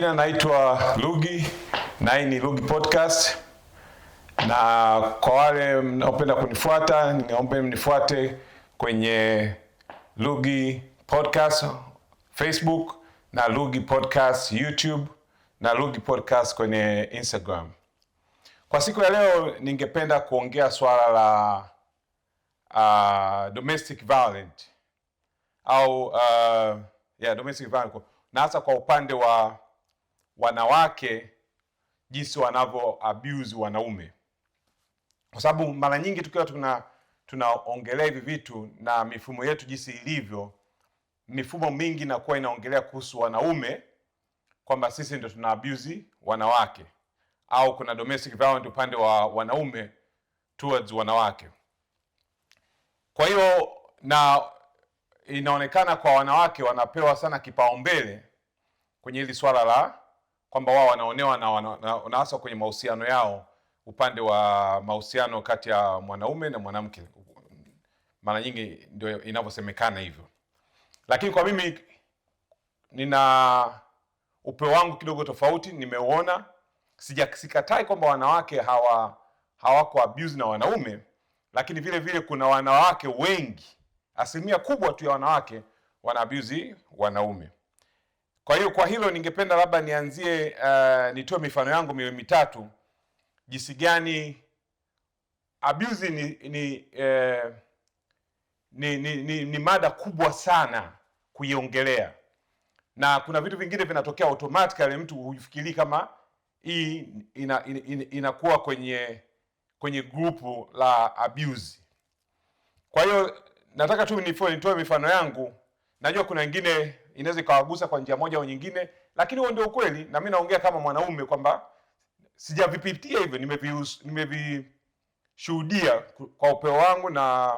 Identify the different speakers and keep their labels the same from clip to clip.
Speaker 1: majina naitwa Lugi na hii ni Lugi Podcast, na kwa wale mnaopenda kunifuata, niombe mnifuate kwenye Lugi Podcast Facebook na Lugi Podcast YouTube na Lugi Podcast kwenye Instagram. Kwa siku ya leo ningependa kuongea swala la uh, domestic violence au uh, yeah, domestic violence na hasa kwa upande wa wanawake jinsi wanavyo abuse wanaume, kwa sababu mara nyingi tukiwa tuna tunaongelea hivi vitu na mifumo yetu jinsi ilivyo, mifumo mingi inakuwa inaongelea kuhusu wanaume kwamba sisi ndio tuna abuse wanawake au kuna domestic violence upande wa wanaume towards wanawake. Kwa hiyo na inaonekana kwa wanawake wanapewa sana kipaumbele kwenye hili swala la kwamba wao wanaonewa na wanaaswa kwenye mahusiano yao, upande wa mahusiano kati ya mwanaume na mwanamke, mara nyingi ndio inavyosemekana hivyo. Lakini kwa mimi nina upeo wangu kidogo tofauti, nimeuona sijakisikatai kwamba wanawake hawa hawako abuse na wanaume, lakini vile vile kuna wanawake wengi, asilimia kubwa tu ya wanawake wana abuse wanaume. Kwa hiyo kwa hilo ningependa labda nianzie, uh, nitoe mifano yangu miwili mitatu jinsi gani abuse ni ni, eh, ni, ni, ni ni mada kubwa sana kuiongelea, na kuna vitu vingine vinatokea automatically, mtu hufikiri kama hii ina, ina, inakuwa kwenye kwenye grupu la abuse. Kwa hiyo nataka tu nitoe mifano yangu, najua kuna wengine inaweza ikawagusa kwa njia moja au nyingine, lakini huo ndio ukweli, na mi naongea kama mwanaume kwamba sijavipitia hivyo, nimevishuhudia kwa upeo wangu na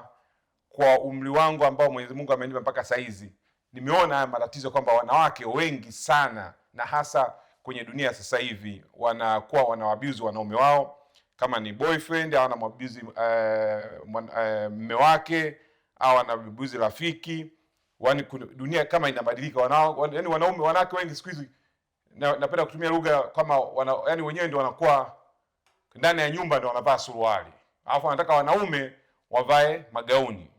Speaker 1: kwa umri wangu ambao Mwenyezi Mungu amenipa mpaka saa hizi. Nimeona haya matatizo kwamba wanawake wengi sana na hasa kwenye dunia sasa hivi wanakuwa wanawabiuzi wanaume wao, kama ni boyfriend au anamwabiuzi eh, mume eh, uh, uh, wake au anabibuzi rafiki wani dunia kama inabadilika, wanao yani wanawake wengi siku hizi na, napenda kutumia lugha kama wana, yani wenyewe ndio wanakuwa ndani ya nyumba ndio wanavaa suruali, alafu wanataka wanaume wavae magauni.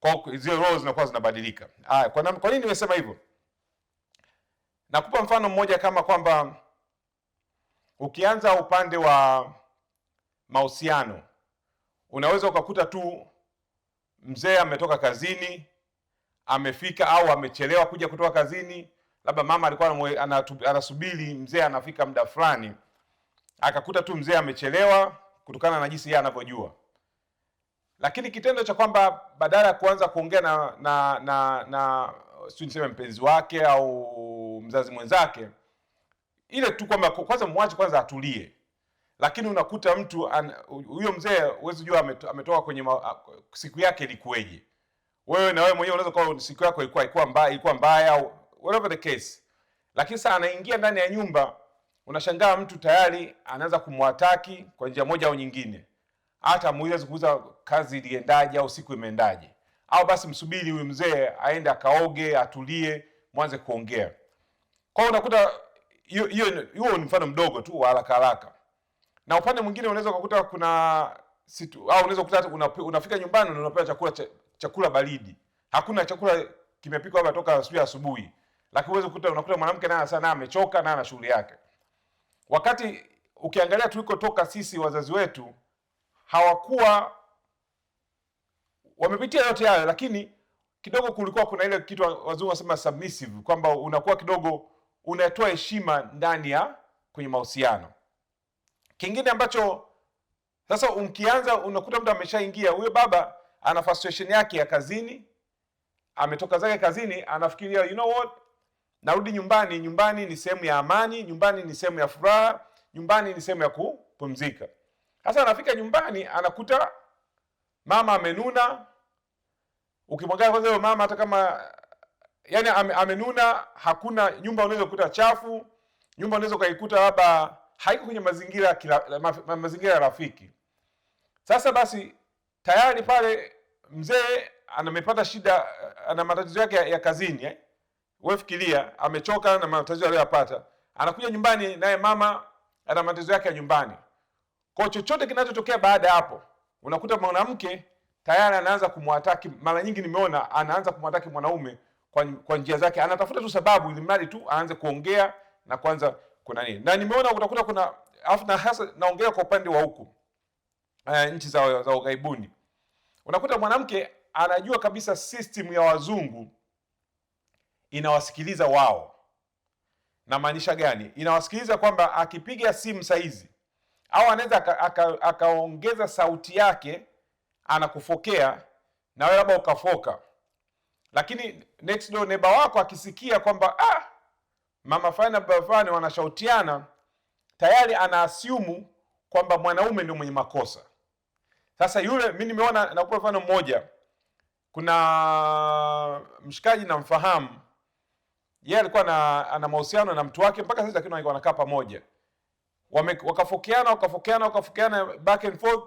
Speaker 1: Kwa zile roho zinakuwa zinabadilika. Haya, kwa, kwa nini nimesema hivyo? Nakupa mfano mmoja kama kwamba ukianza upande wa mahusiano unaweza ukakuta tu mzee ametoka kazini amefika au amechelewa kuja kutoka kazini, labda mama alikuwa anasubiri mzee anafika muda fulani, akakuta tu mzee amechelewa kutokana na jinsi yeye anavyojua. Lakini kitendo cha kwamba badala ya kuanza kuongea na na na, na sio niseme mpenzi wake au mzazi mwenzake, ile tu kwamba kwanza mwache kwanza atulie lakini unakuta mtu huyo mzee, huwezi jua ametoka kwenye siku yake ilikuweje wewe na wewe mwenyewe unaweza kuwa siku yako ilikuwa ilikuwa mbaya ilikuwa mbaya au whatever the case, lakini sasa anaingia ndani ya nyumba, unashangaa mtu tayari anaanza kumwataki kwa njia moja au nyingine, hata muulize kuuza kazi iliendaje au siku imeendaje, au basi msubiri huyu mzee aende akaoge atulie, mwanze kuongea. Kwa hiyo unakuta hiyo hiyo ni mfano mdogo tu wa haraka haraka, na upande mwingine unaweza kukuta kuna situ, au unaweza kukuta unafika nyumbani unapewa chakula chakula baridi, hakuna chakula kimepikwa hapa toka asubuhi asubuhi, lakini uweze kukuta unakuta mwanamke naye sana amechoka na ana shughuli yake. Wakati ukiangalia tulikotoka sisi, wazazi wetu hawakuwa wamepitia yote hayo, lakini kidogo kulikuwa kuna ile kitu wazungu wanasema submissive, kwamba unakuwa kidogo unatoa heshima ndani ya kwenye mahusiano. Kingine ambacho sasa, ukianza unakuta mtu ameshaingia, huyo baba ana frustration yake ya kazini, ametoka zake kazini, anafikiria you know what, narudi nyumbani. Nyumbani ni sehemu ya amani, nyumbani ni sehemu ya furaha, nyumbani ni sehemu ya kupumzika. Sasa anafika nyumbani, anakuta mama amenuna. Ukimwangalia kwanza huyo mama, hata kama yani amenuna, hakuna nyumba unaweza kukuta chafu, nyumba unaweza ukaikuta labda haiko kwenye mazingira kila, ma, ma, mazingira rafiki. Sasa basi tayari pale mzee anamepata shida, eh, ana matatizo yake ya, ya kazini eh? Wewe fikiria, amechoka na matatizo aliyopata, anakuja nyumbani, naye mama ana matatizo yake ya nyumbani. Kwa chochote kinachotokea baada ya hapo, unakuta mwanamke tayari anaanza kumwataki. Mara nyingi nimeona anaanza kumwataki mwanaume kwa, kwa njia zake, anatafuta tu sababu ili mradi tu aanze kuongea na kwanza kuna nini, na nimeona utakuta kuna afu na hasa naongea kwa upande wa huku e, nchi za, za ughaibuni Unakuta mwanamke anajua kabisa system ya wazungu inawasikiliza wao. Namaanisha gani? Inawasikiliza kwamba akipiga simu saizi au anaweza akaongeza aka, aka sauti yake anakufokea na wewe labda ukafoka, lakini next door neighbor wako akisikia kwamba ah, mama fulani na baba fulani wanashautiana, tayari anaasiumu kwamba mwanaume ndio mwenye makosa. Sasa yule mi nimeona, nakupa mfano mmoja, kuna mshikaji namfahamu yeye, alikuwa na, ana mahusiano na mtu wake mpaka sasa, lakini walikuwa wanakaa pamoja, wakafokeana wakafokeana wakafokeana back and forth.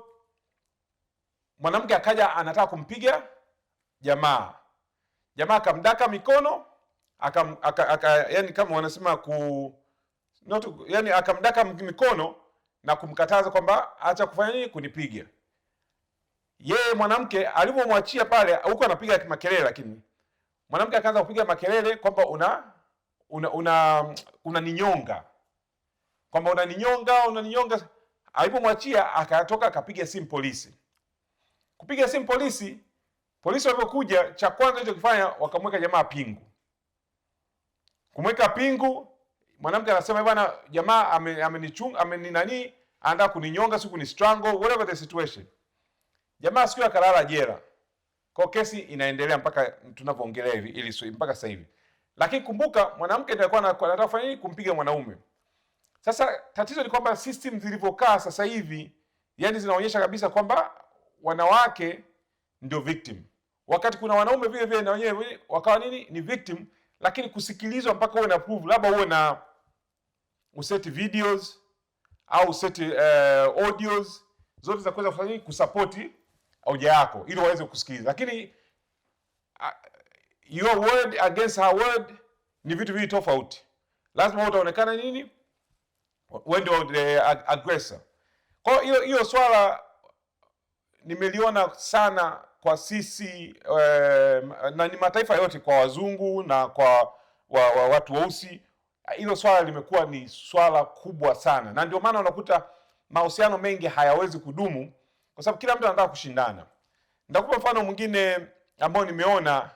Speaker 1: Mwanamke akaja anataka kumpiga jamaa, jamaa akamdaka mikono akam, aka, aka, yani kama wanasema ku not, yani akamdaka mikono na kumkataza kwamba acha kufanya nini, kunipiga yeye mwanamke alivyomwachia pale, huko anapiga makelele, lakini mwanamke akaanza kupiga makelele kwamba una una una unaninyonga, kwamba unaninyonga, unaninyonga. Alipomwachia akatoka akapiga simu polisi. Kupiga simu polisi, polisi walipokuja, cha kwanza alichokifanya wakamweka jamaa pingu. Kumweka pingu, mwanamke anasema eh, bwana, jamaa amenichunga, ame, ame, ame nani anataka kuninyonga, siku ni strangle, whatever the situation Jamaa siku akalala jela, kwa kesi inaendelea mpaka tunapoongelea hivi, ili mpaka sasa hivi. Lakini kumbuka mwanamke ndiye alikuwa anataka kufanya nini? Kumpiga mwanaume. Sasa tatizo ni kwamba system zilivyokaa sasa hivi, yani zinaonyesha kabisa kwamba wanawake ndio victim, wakati kuna wanaume vile vile na wenyewe wakawa nini, ni victim, lakini kusikilizwa mpaka uwe na proof labda uwe na useti videos au useti uh, audios zote za kuweza kufanya nini kusapoti hoja yako ili waweze kusikiliza, lakini uh, your word against her word ni vitu viwili tofauti. Lazima utaonekana nini, wewe ndio the aggressor. Kwa hiyo hiyo swala nimeliona sana kwa sisi eh, na ni mataifa yote, kwa wazungu na kwa wa, wa, watu weusi. Hilo swala limekuwa ni swala kubwa sana, na ndio maana unakuta mahusiano mengi hayawezi kudumu kwa sababu kila mtu anataka kushindana. Nitakupa mfano mwingine ambao nimeona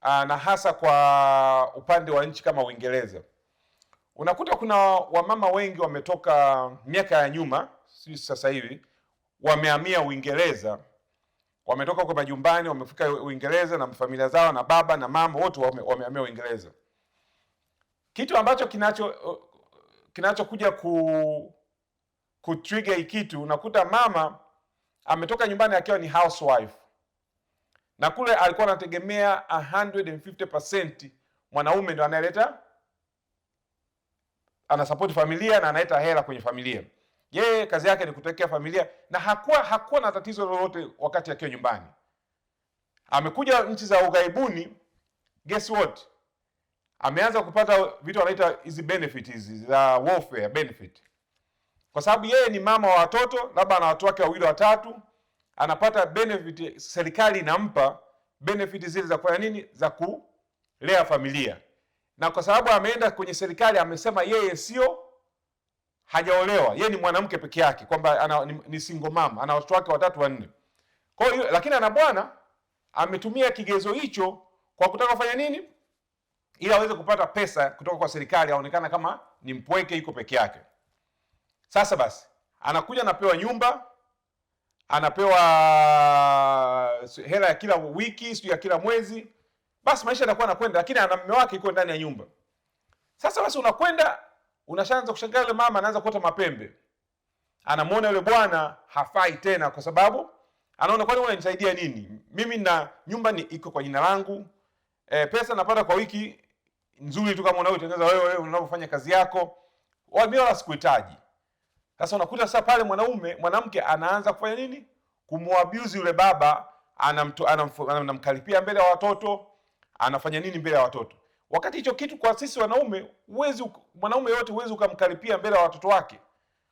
Speaker 1: ah, na hasa kwa upande wa nchi kama Uingereza, unakuta kuna wamama wengi wametoka miaka ya nyuma, si sasa hivi, wamehamia Uingereza, wametoka kwa majumbani, wamefika Uingereza na familia zao na baba na mama wote wamehamia Uingereza. Kitu ambacho kinacho kinachokuja ku trigger kitu, unakuta mama ametoka nyumbani akiwa ni housewife, na kule alikuwa anategemea 150% mwanaume ndo anayeleta support familia na analeta hela kwenye familia. Yeye kazi yake ni kutokea familia, na hakuwa hakuwa na tatizo lolote wakati akiwa nyumbani. Amekuja nchi za ughaibuni, guess what, ameanza kupata vitu anaita hizi benefit hizi za welfare benefit kwa sababu yeye ni mama wa watoto, labda ana watu wake wawili watatu, anapata benefit, serikali inampa benefit zile za kufanya nini, za kulea familia. Na kwa sababu ameenda kwenye serikali, amesema yeye sio, hajaolewa, yeye ni mwanamke peke yake, kwamba ni, ni single mama, ana watoto wake watatu wanne. Kwa hiyo lakini ana bwana ametumia kigezo hicho kwa kutaka kufanya nini, ili aweze kupata pesa kutoka kwa serikali, aonekana kama ni mpweke, yuko peke yake. Sasa basi anakuja anapewa nyumba, anapewa eh, hela ya kila wiki, sio ya kila mwezi. Basi maisha yatakuwa anakwenda, lakini ana mume wake yuko ndani ya nyumba. Sasa basi unakwenda unashaanza kushangaa, yule mama anaanza kuota mapembe, anamwona yule bwana hafai tena, kwa sababu anaona, kwani wewe unanisaidia nini? Mimi na nyumba ni iko kwa jina langu, e, pesa napata kwa wiki nzuri tu kama unayotengeneza wewe, wewe unavyofanya kazi yako, mimi wala sikuhitaji. Sasa unakuta sasa pale mwanaume mwanamke anaanza kufanya nini? Kumuabuzi yule baba, anamkaripia mbele ya watoto, anafanya nini mbele ya watoto, wakati hicho kitu kwa sisi wanaume huwezi, mwanaume yote huwezi ukamkaripia mbele ya watoto wake,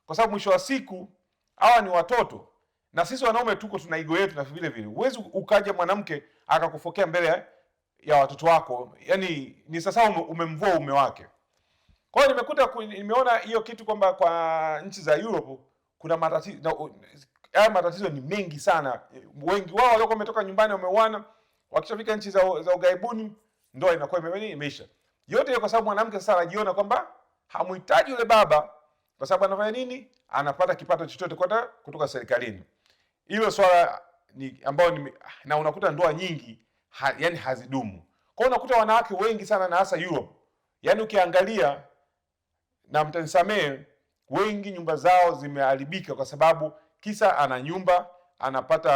Speaker 1: kwa sababu mwisho wa siku hawa ni watoto na sisi wanaume tuko tuna ego yetu na vile vile, huwezi ukaja mwanamke akakufokea mbele ya watoto wako, yani ni sasa umemvua ume wake. Kwa hiyo nimekuta nimeona hiyo kitu kwamba kwa nchi za Europe kuna matatizo, haya matatizo ni mengi sana. Wengi wao waliokuwa wametoka nyumbani wameuana, wakishafika nchi za, za ugaibuni ndoa inakuwa imeweni imeisha. Yote kwa sababu mwanamke sasa anajiona kwamba hamhitaji yule baba kwa sababu anafanya nini? Anapata kipato chochote kwenda kutoka serikalini. Hilo swala ni ambayo ni, na unakuta ndoa nyingi ha, yani hazidumu. Kwa hiyo unakuta wanawake wengi sana na hasa Europe. yani ukiangalia na mtanisamehe, wengi nyumba zao zimeharibika kwa sababu kisa ana nyumba anapata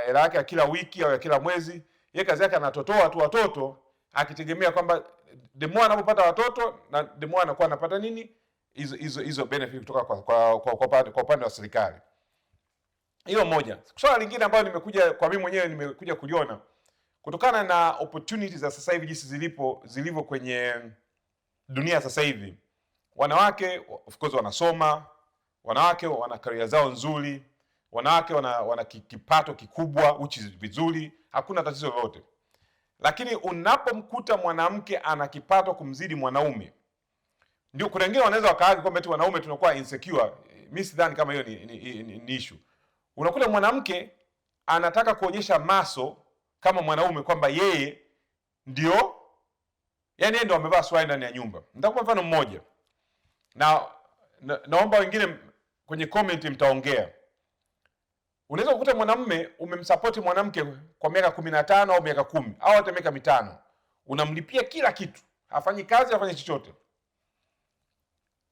Speaker 1: eh, hela yake ya kila wiki au ya kila mwezi, ye kazi yake anatotoa tu watoto akitegemea kwamba demo anapopata watoto na demo anakuwa anapata nini hizo hizo hizo benefit kutoka kwa kwa, kwa, kwa, kwa kwa, upande wa serikali. Hiyo moja. Swala lingine ambalo nimekuja kwa mimi mwenyewe nimekuja kuliona kutokana na opportunities za sasa hivi jinsi zilipo zilivyo kwenye dunia sasa hivi Wanawake of course wanasoma, wanawake wana karia zao nzuri, wanawake wana, wana kipato kikubwa uchi vizuri, hakuna tatizo lolote. Lakini unapomkuta mwanamke ana kipato kumzidi mwanaume, ndio kuna wengine wanaweza wakaaga kwamba tu wanaume tunakuwa insecure. Mimi sidhani kama hiyo ni, ni, ni, ni issue. Unakuta mwanamke anataka kuonyesha maso kama mwanaume kwamba yeye ndio, yani yeye ndio amevaa swali ndani ya nyumba. Nitakupa mfano mmoja na, na naomba wengine kwenye comment mtaongea. Unaweza kukuta mwanamume umemsapoti mwanamke kwa miaka kumi na tano au miaka kumi au hata miaka mitano, unamlipia kila kitu, hafanyi kazi, hafanyi chochote.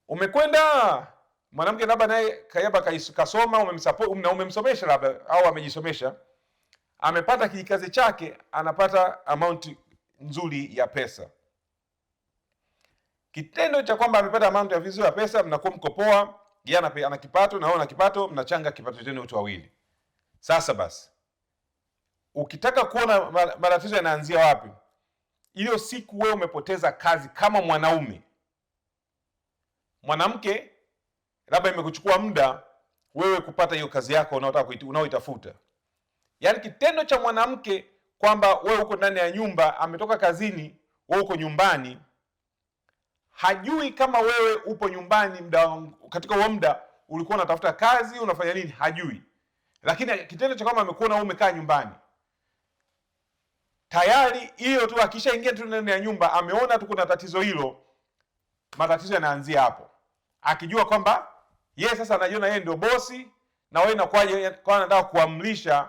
Speaker 1: Umekwenda mwanamke labda naye kayaba kasoma, umemsapoti um, na umemsomesha labda au amejisomesha, amepata kikazi chake, anapata amount nzuri ya pesa. Kitendo cha kwamba amepata amount ya vizuri ya pesa, mnakuwa mkopoa, yeye ana kipato na wewe una kipato, mnachanga kipato chenu wote wawili. Sasa basi, ukitaka kuona matatizo yanaanzia wapi, hiyo siku wewe umepoteza kazi kama mwanaume. Mwanamke labda imekuchukua muda wewe kupata hiyo kazi yako unaotaka unaoitafuta. Yaani kitendo cha mwanamke kwamba wewe uko ndani ya nyumba, ametoka kazini, wewe uko nyumbani hajui kama wewe upo nyumbani mda, katika huo muda ulikuwa unatafuta kazi, unafanya nini, hajui. Lakini kitendo cha kwamba amekuona wewe umekaa nyumbani tayari, hiyo tu, akishaingia tu ndani ya nyumba, ameona tu kuna tatizo hilo, matatizo yanaanzia hapo, akijua kwamba yeye sasa anajiona yeye ndio bosi na wewe inakuwaje? Kwa anataka kuamlisha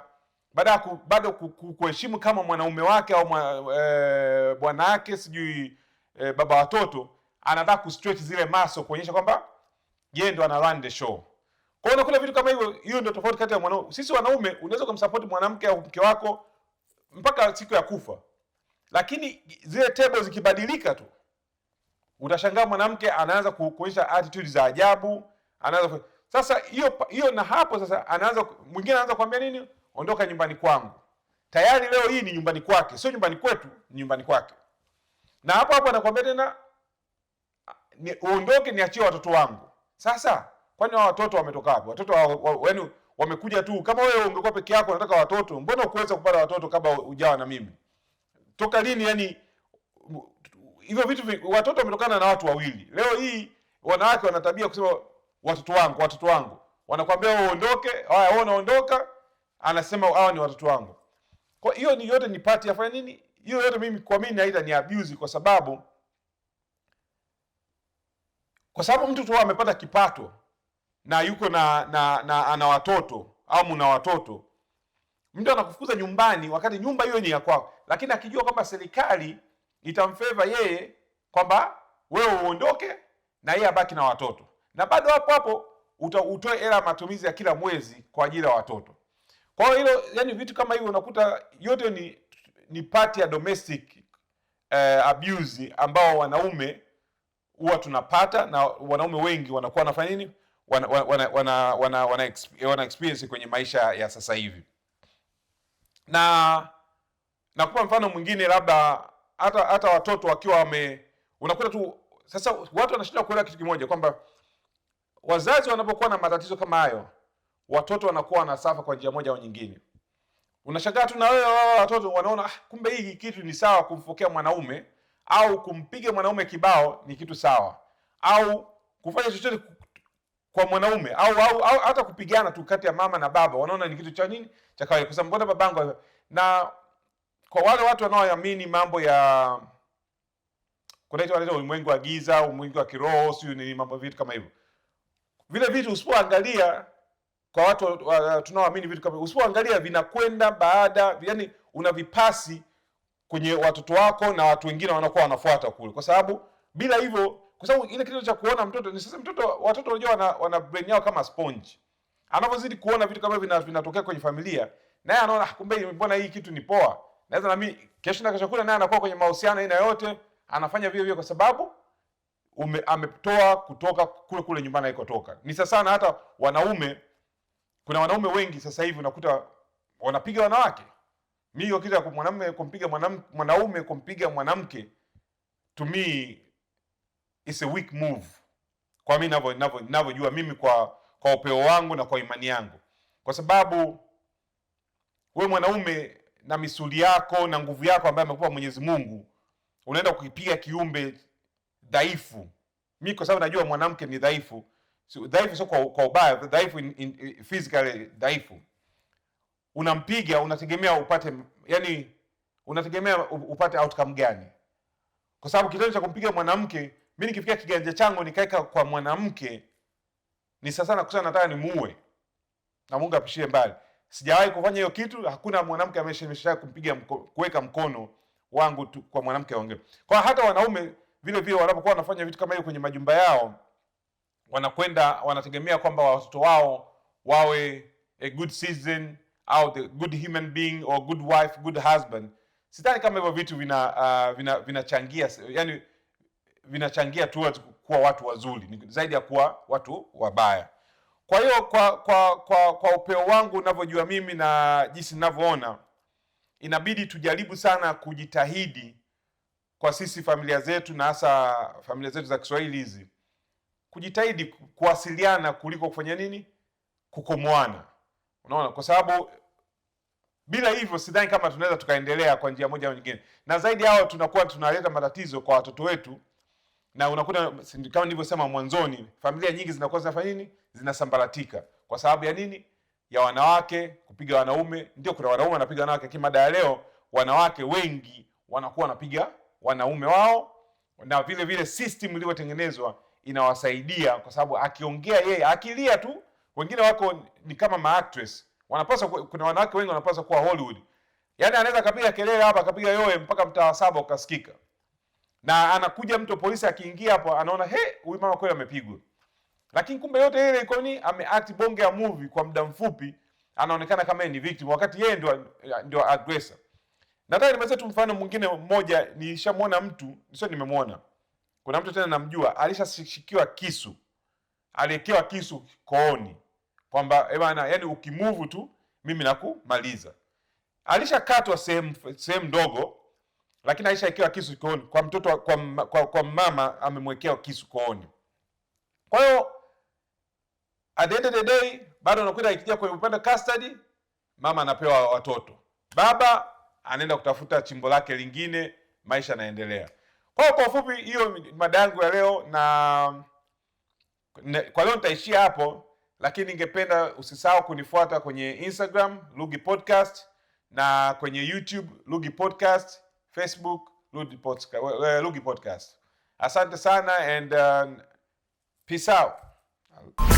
Speaker 1: baada ya bado kuheshimu kama mwanaume wake au mwa, e, bwana wake sijui e, baba watoto anataka kustretch zile maso kuonyesha kwamba yeye ndo ana run the show. Kwa hiyo kuna vitu kama hivyo, hiyo ndio tofauti kati ya mwanaume. Sisi wanaume unaweza kumsupport mwanamke au mke wako mpaka siku ya kufa, lakini zile table zikibadilika tu utashangaa mwanamke anaanza kuonyesha attitude za ajabu, anaanza kwa... sasa hiyo hiyo, na hapo sasa anaanza mwingine anaanza kuambia nini, ondoka nyumbani kwangu. Tayari leo hii ni nyumbani kwake, sio nyumbani kwetu, ni nyumbani kwake, na hapo hapo anakuambia tena ni uondoke, niachie watoto wangu. Sasa kwani hao watoto wametoka wapi? Watoto yaani wamekuja tu. Kama wewe ungekuwa peke yako unataka watoto, mbona ukuweza kupata watoto kabla ujawa na mimi? Toka lini? Yani hivyo vitu, watoto wametokana na watu wawili. Leo hii wanawake wana tabia kusema watoto wangu, watoto wangu, wanakwambia wewe uondoke. Haya, wewe unaondoka, anasema hawa ni watoto wangu. Kwa hiyo ni yote ni party ya nini hiyo yote, mimi kwa mimi naita ni abuse, kwa sababu kwa sababu mtu tu amepata kipato na yuko na, na, na ana watoto au mna watoto, mtu anakufukuza nyumbani, wakati nyumba hiyo ni ya kwako, lakini akijua kwamba serikali itamfeva yeye kwamba wewe uondoke na yeye abaki na watoto, na bado hapo hapo utoe hela matumizi ya kila mwezi kwa ajili ya watoto. Kwa hiyo hilo, yani vitu kama hivyo unakuta yote ni ni pati ya domestic eh, abuse ambao wanaume huwa tunapata na wanaume wengi wanakuwa wanafanya nini, wana, wana, wana, wana, wana experience kwenye maisha ya sasa hivi. Na nakupa mfano mwingine, labda hata hata watoto wakiwa wame, unakuta tu sasa watu wanashindwa kuelewa kitu kimoja kwamba wazazi wanapokuwa na matatizo kama hayo, watoto wanakuwa wanasafa kwa njia moja au nyingine. Unashangaa tu na wewe watoto wanaona ah, kumbe hii kitu ni sawa kumfokea mwanaume au kumpiga mwanaume kibao ni kitu sawa, au kufanya chochote kwa mwanaume au, au, au hata kupigana tu kati ya mama na baba, wanaona ni kitu cha nini cha kawaida, kwa sababu mbona babangu. Na kwa wale watu wanaoamini mambo ya kuna wanaitwa ulimwengu wa giza, ulimwengu wa kiroho, sio ni mambo vitu kama hivyo, vile vitu usipoangalia kwa watu uh, tunaoamini vitu kama usipoangalia, vinakwenda baada, yani unavipasi vipasi kwenye watoto wako na watu wengine wanakuwa wanafuata kule, kwa sababu bila hivyo, kwa sababu ile kitendo cha kuona mtoto ni sasa, mtoto watoto unajua wana, wana brain yao kama sponge, anapozidi kuona vitu kama vina vinatokea kwenye familia, naye anaona ah, kumbe, mbona hii kitu ni poa, naweza na mimi kesho na kesho kule, naye anakuwa kwenye mahusiano aina yote, anafanya vile vile, kwa sababu ume, ametoa kutoka kule kule nyumbani alikotoka. Ni sasa sana hata wanaume, kuna wanaume wengi sasa hivi unakuta wanapiga wanawake mi wakati mwanamume kumpiga mwanaume kumpiga mwanamke to me is a weak move, kwa mi navyojua mimi kwa kwa upeo wangu na kwa imani yangu, kwa sababu we mwanaume na misuli yako na nguvu yako ambayo amekupa Mwenyezi Mungu unaenda kukipiga kiumbe dhaifu. Mi kwa sababu najua mwanamke ni dhaifu, dhaifu sio kwa, kwa ubaya, dhaifu in, in, physically dhaifu unampiga unategemea upate yani, unategemea upate outcome gani? Kwa sababu kitendo cha kumpiga mwanamke, mimi nikifikia kiganja changu nikaweka kwa mwanamke, ni sasa kusana, nataka nimuue, na Mungu apishie mbali. Sijawahi kufanya hiyo kitu, hakuna mwanamke ameshemesha kumpiga mko, kuweka mkono wangu tu, kwa mwanamke wangu. Kwa hata wanaume vile vile wanapokuwa wanafanya vitu kama hiyo kwenye majumba yao, wanakwenda wanategemea kwamba watoto wao wawe a good citizen au the good human being or good wife, good husband, sidhani kama hivyo vitu vina uh, vina vinachangia yani vinachangia tu kuwa watu wazuri, ni zaidi ya kuwa watu wabaya. Kwa hiyo kwa kwa kwa, kwa upeo wangu ninavyojua mimi na jinsi ninavyoona, inabidi tujaribu sana kujitahidi kwa sisi familia zetu na hasa familia zetu za Kiswahili hizi, kujitahidi kuwasiliana kuliko kufanya nini, kukomoana. Unaona, kwa sababu bila hivyo sidhani kama tunaweza tukaendelea kwa njia moja au nyingine, na zaidi hao tunakuwa tunaleta matatizo kwa watoto wetu, na unakuta kama nilivyosema mwanzoni, familia nyingi zinakuwa zinafanya nini, zinasambaratika kwa sababu ya nini? Ya wanawake kupiga wanaume. Ndio, kuna wanaume wanapiga wanawake, lakini mada ya leo, wanawake wengi wanakuwa wanapiga wanaume wao, na vile vile system iliyotengenezwa inawasaidia kwa sababu akiongea yeye akilia tu wengine wako ni kama maactress, wanapaswa kuna wanawake wengi wanapaswa kuwa Hollywood. Yaani anaweza kapiga kelele hapa, kapiga yoe mpaka mtaa saba ukasikika. Na anakuja mtu polisi akiingia hapo anaona he, huyu mama kweli amepigwa. Lakini kumbe yote ile iko ni ameact bonge ya movie kwa muda mfupi, anaonekana kama ni victim wakati yeye ndio ndio aggressor. Nataka nimeweza tu mfano mwingine mmoja, nishamwona mtu, sio nimemwona. Kuna mtu tena namjua, alishashikiwa kisu. Aliwekewa kisu kooni kwamba eh bana, yani ukimuvu tu mimi nakumaliza. Alishakatwa sehemu sehemu ndogo, lakini alishaekewa kisu kooni kwa mtoto kwa, kwa, kwa mama amemwekea kisu kooni. Kwa hiyo at the end of the day bado anakwenda ikija kwenye upande custody, mama anapewa watoto, baba anaenda kutafuta chimbo lake lingine, maisha yanaendelea. Kwa kwa ufupi, hiyo mada yangu ya leo na, na kwa leo nitaishia hapo lakini ningependa usisahau kunifuata kwenye Instagram Lugi Podcast na kwenye YouTube Lugi Podcast, Facebook Lugi eh, Podcast. Asante sana and uh, peace out.